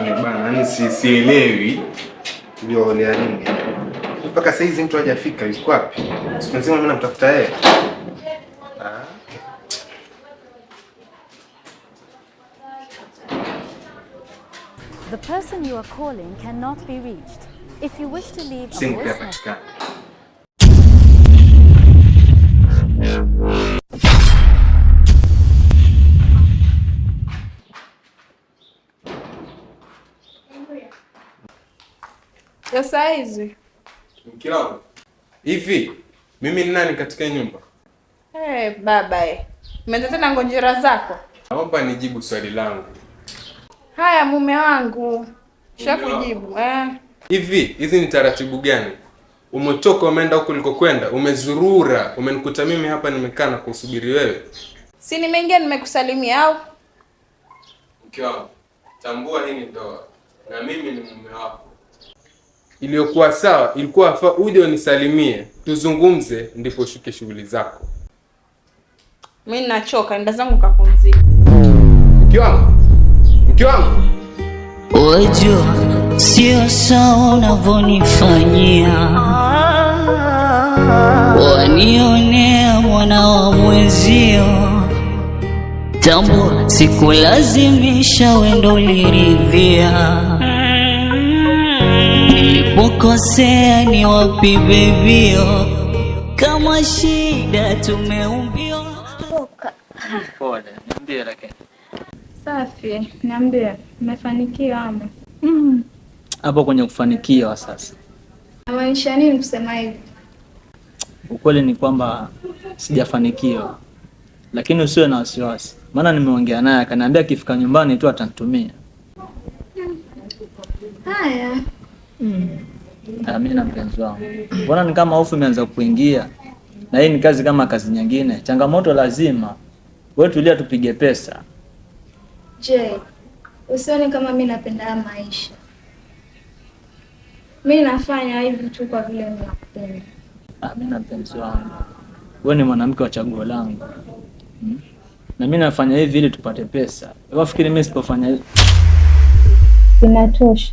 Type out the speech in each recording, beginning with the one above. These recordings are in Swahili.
bana, si sielewi ulioonea nini mpaka saa hizi mtu hajafika. Yuko wapi? Siku nzima mimi namtafuta yeye. Ah. The person you are calling cannot be reached. If you wish to leave a voice message. sasa hizi. Mke wangu hivi, mimi ni nani katika nyumba? Hey, eh, baba eh, umeanza tena ngonjera zako. Naomba nijibu swali langu. Haya, mume wangu, shakujibu eh. Hivi hizi ni taratibu gani? Umetoka umeenda huko ulikokwenda, umezurura, umenikuta mimi hapa nimekaa na kusubiri wewe. Si nimeingia nimekusalimia au? Mke wangu, tambua hii ni ndoa na mimi ni mume wako iliyokuwa sawa, ilikuwa afaa uje unisalimie, tuzungumze, ndipo ushuke shughuli zako. Mimi ninachoka, nenda zangu kapumzika. Mke wangu, mke wangu, ojo, sio sawa unavyonifanyia, wanionea mwana wa mwenzio Tambua sikulazimisha, wendo liridhia Tulipokosea ni wapi bebio, kama shida tumeumbiwa. Poka. Pole, niambie lakini. Safi, niambie, mmefanikiwa ama? Mm. Hapo kwenye kufanikiwa sasa. Maanisha nini kusema hivi? Ukweli ni kwamba sijafanikiwa, lakini usiwe na wasiwasi, maana nimeongea naye akaniambia akifika nyumbani tu atanitumia. Haya, Mm. Ah, mimi na mpenzi wangu. Mbona ni kama hofu imeanza kuingia? Na hii ni kazi kama kazi nyingine, changamoto lazima. Wewe tulia, tupige pesa. Je, usioni kama mimi napenda maisha. Mimi nafanya hivi tu kwa vile ninakupenda. Ah, mimi na mpenzi wangu, wewe ni mwanamke wa chaguo langu, Mm. Na mimi nafanya hivi ili tupate pesa. Wafikiri mimi sipofanya hivi inatosha?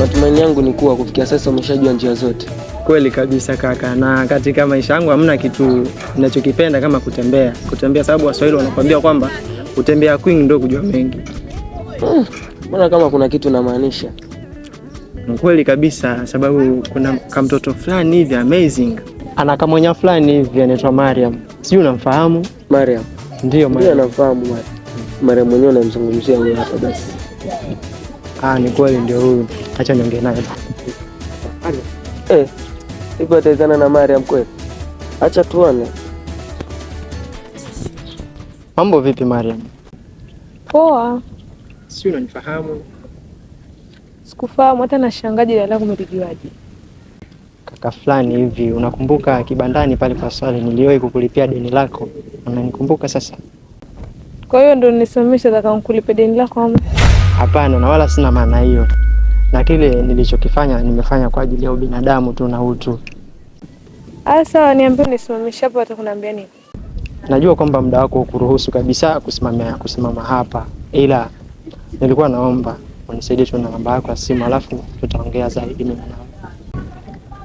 Matumaini yangu ni kuwa kufikia sasa umeshajua njia zote. Kweli kabisa kaka, na katika maisha yangu hamna kitu ninachokipenda kama kutembea. Kutembea sababu Waswahili wanakuambia kwamba kutembea kwingi ndio kujua mengi. Hmm, mbona hmm, kama kuna kitu namaanisha Kweli kabisa, sababu kuna kamtoto fulani hivi amazing, ana kamwenya fulani hivi anaitwa Mariam, sijui unamfahamu Mariam? Ndio, Mariam namfahamu. Mariam mwenyewe namzungumzia hapa basi. Ah, ni kweli ndio huyu. Acha niongee naye. Eh, ipo tazana na Mariam kweli? Acha tuone. Mambo vipi Mariam? Poa. Si unanifahamu? Sikufahamu hata na shangaji la langu mlijuaje? Kaka fulani hivi, unakumbuka kibandani pale kwa swali niliwahi kukulipia deni lako? Unanikumbuka sasa? Kwa hiyo ndio nisimamisha kaka, nikulipe deni lako ama? Hapana, na wala sina maana hiyo, na kile nilichokifanya nimefanya kwa ajili ya ubinadamu tu na utu. Ah, sawa, niambie unisimamishe hapo, hata kunaambia nini? Najua kwamba muda wako ukuruhusu kabisa kusimamia kusimama hapa, ila nilikuwa naomba unisaidie tu na namba yako ya simu, alafu tutaongea zaidi mimi nawe.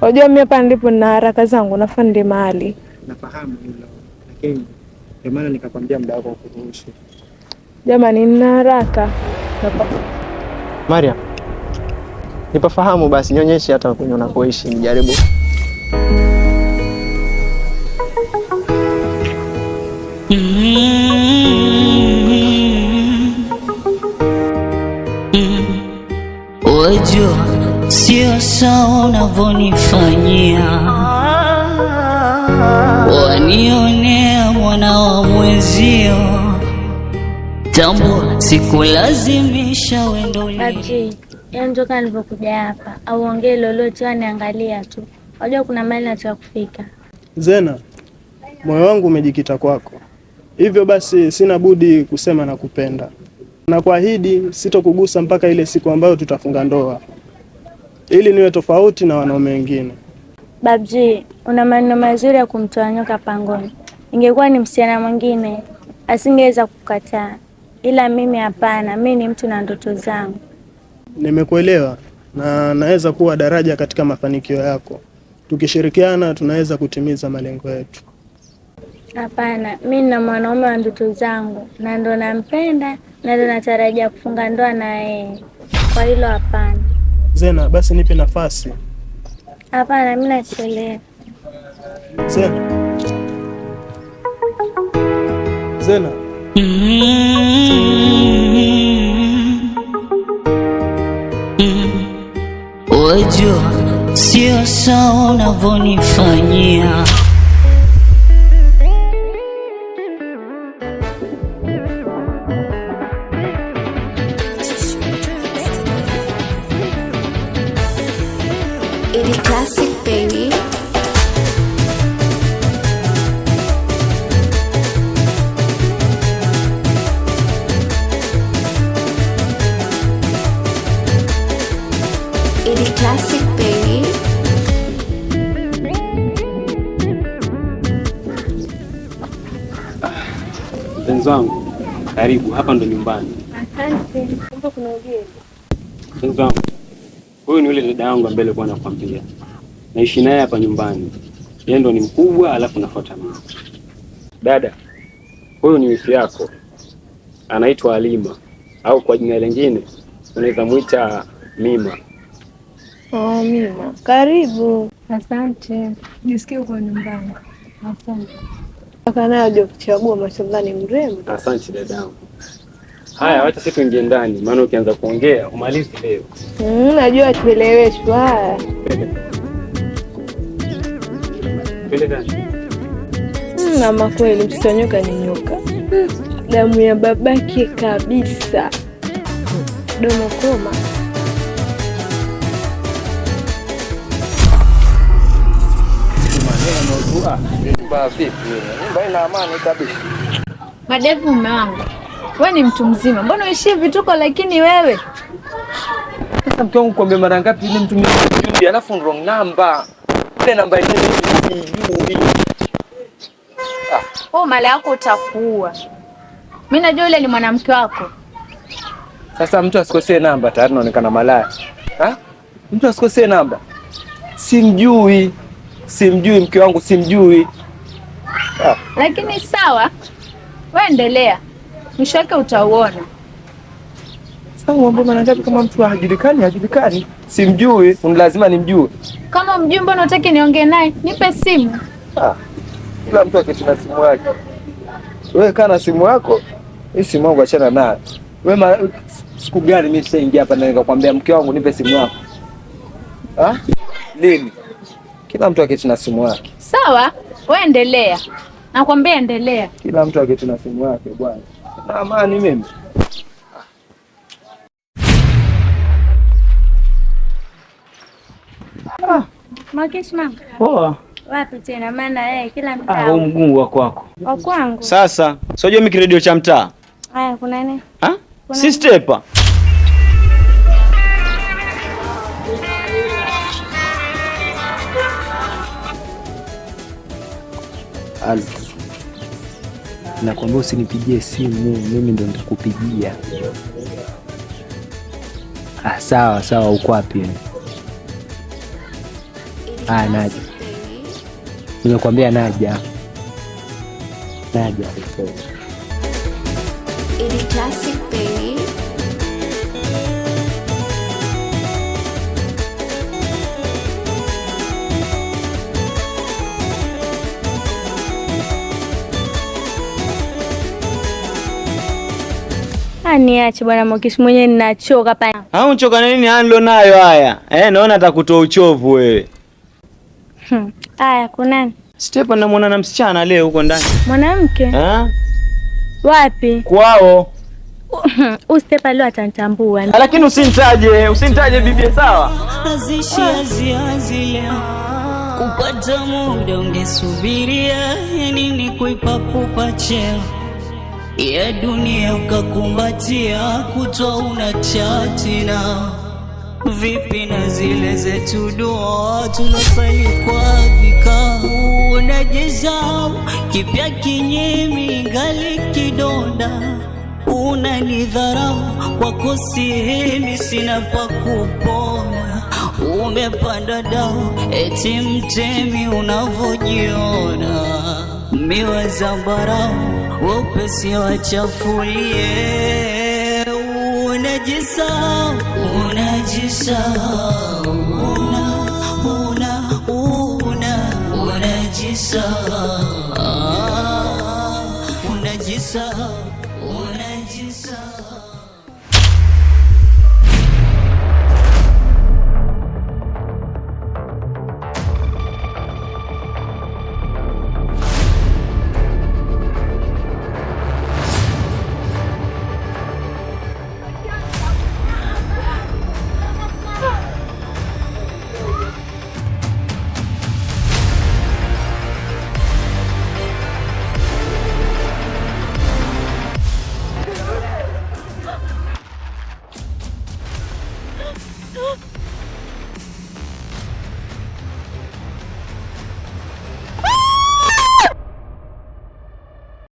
Unajua mimi hapa ndipo na haraka zangu, nafaa ndi mahali nafahamu hilo, lakini ndio maana nikakwambia muda wako ukuruhusu. Jamani, nina haraka. Maria, nipafahamu basi, nionyeshe hata kwenye unakoishi, nijaribu Wajua, sio sawa unavyonifanyia, wanionea mwana wa mwenzio Kitambo sikulazimisha wendo. Yandoka nilivyokuja hapa, au ongee lolote, waniangalia tu, wajua kuna mali nataka kufika. Zena, moyo wangu umejikita kwako, hivyo basi sina budi kusema na kupenda na kuahidi sitokugusa mpaka ile siku ambayo tutafunga ndoa, ili niwe tofauti na wanaume wengine. Babji, una maneno mazuri ya kumtoa nyoka pangoni. Ingekuwa ni msichana mwingine asingeweza kukataa ila mimi hapana, mi ni mtu na ndoto zangu. Nimekuelewa na naweza kuwa daraja katika mafanikio yako. Tukishirikiana tunaweza kutimiza malengo yetu. Hapana, mi na mwanaume wa ndoto zangu na ndo nampenda na ndo natarajia kufunga ndoa na yeye. Kwa hilo hapana. Zena, basi nipe nafasi. Hapana, mi nachelewa. Zena, Zena. Mm -hmm. sio sawa unavyonifanyia. Ili klasi Mpenzi wangu, karibu hapa, ndo nyumbani. Asante. Kumbe kuna ugeni. Mpenzi wangu, huyu ni yule dada wangu ambaye alikuwa anakuambia naishi naye hapa nyumbani, yeye ndo ni mkubwa, alafu nafuata mimi. Dada huyu ni wifi yako, anaitwa Alima au kwa jina lingine unaweza mwita Mima. Oh, Mima, karibu. Asante, jisikie uko nyumbani. Asante. Akanaye aje kuchagua mashambani mrembo. Asante dadangu. Haya, wacha sisi tuingie ndani, maana ukianza kuongea umalizi leo. Mm, najua tueleweshwa. Pende ndani. Mm, mama kweli mtoto nyoka ni nyoka. Mm, damu ya babake kabisa. Domo koma. Nyumba vipi? Nyumba ina amani kabisa. Madevu, mume wangu, wewe ni mtu mzima, mbona uishie vituko? Lakini wewe sasa, mke wangu, kwambia mara ngapi ile mtu mzuri, alafu wrong namba ile namba yenyewe sijui. Ah, oh, mala yako utakuwa. Mimi najua yule ni mwanamke wako. Sasa mtu asikosee namba, tayari naonekana malaya. Ha? Mtu asikosee namba, simjui simjui mke wangu simjui. Ah. lakini sawa, waendelea, mwisho wake utauona. Mambo mara ngapi? Kama mtu hajulikani hajulikani, simjui, lazima nimjue. Kama mjui, mbona unataka niongee naye? Nipe simu. Ah, kila mtu akitina na simu yake. Wewe kaa na simu yako, hii simu yangu achana nayo. Wewe siku gani mimi nishaingia hapa na nikakwambia mke wangu nipe simu yako? Ah? Lini? Kila mtu aketi na simu yake. Sawa, wewe endelea. Nakwambia endelea. Kila mtu aketi na simu yake bwana. Na amani mimi. Ah. Makesh mama. Poa. Wapi tena maana yeye eh, kila mtaa. Ah, mguu wa kwako. Wa kwangu. Sasa, sio mimi kiredio cha mtaa. Haya, kuna nini? Ah? si stepa. Alfa, nakwambia usinipigie simu, mimi ndo nitakupigia. Ah, sawa sawa, uko wapi? Ah, naja, nimekwambia naja, naja. Ili classic baby Niache bwana Mokisi mwenye ninachoka pa. Au uchoka na nini handle nayo haya? Eh, naona atakutoa uchovu wewe. Hmm. kuna nani? Stepa na mwana na msichana leo huko ndani. Mwanamke? Ah. Wapi? Kwao. Hmm, U Stepa leo atantambua. Ah, lakini usinitaje, usinitaje bibi sawa? Azishi aziazi leo. Kupata muda ungesubiria, yani ni kuipapupa cheo ya dunia ukakumbatia, kutwa una chatina vipi na zile zetu dua tunasali kwa vikao, unajizau kipya kinyemi ngali kidonda, una nidharau wako sihemi, sina pa kupona, umepanda dao eti mtemi unavyojiona, miwa zambarau weupe siwachafulie, unajisahau unajisahau una una una unajisahau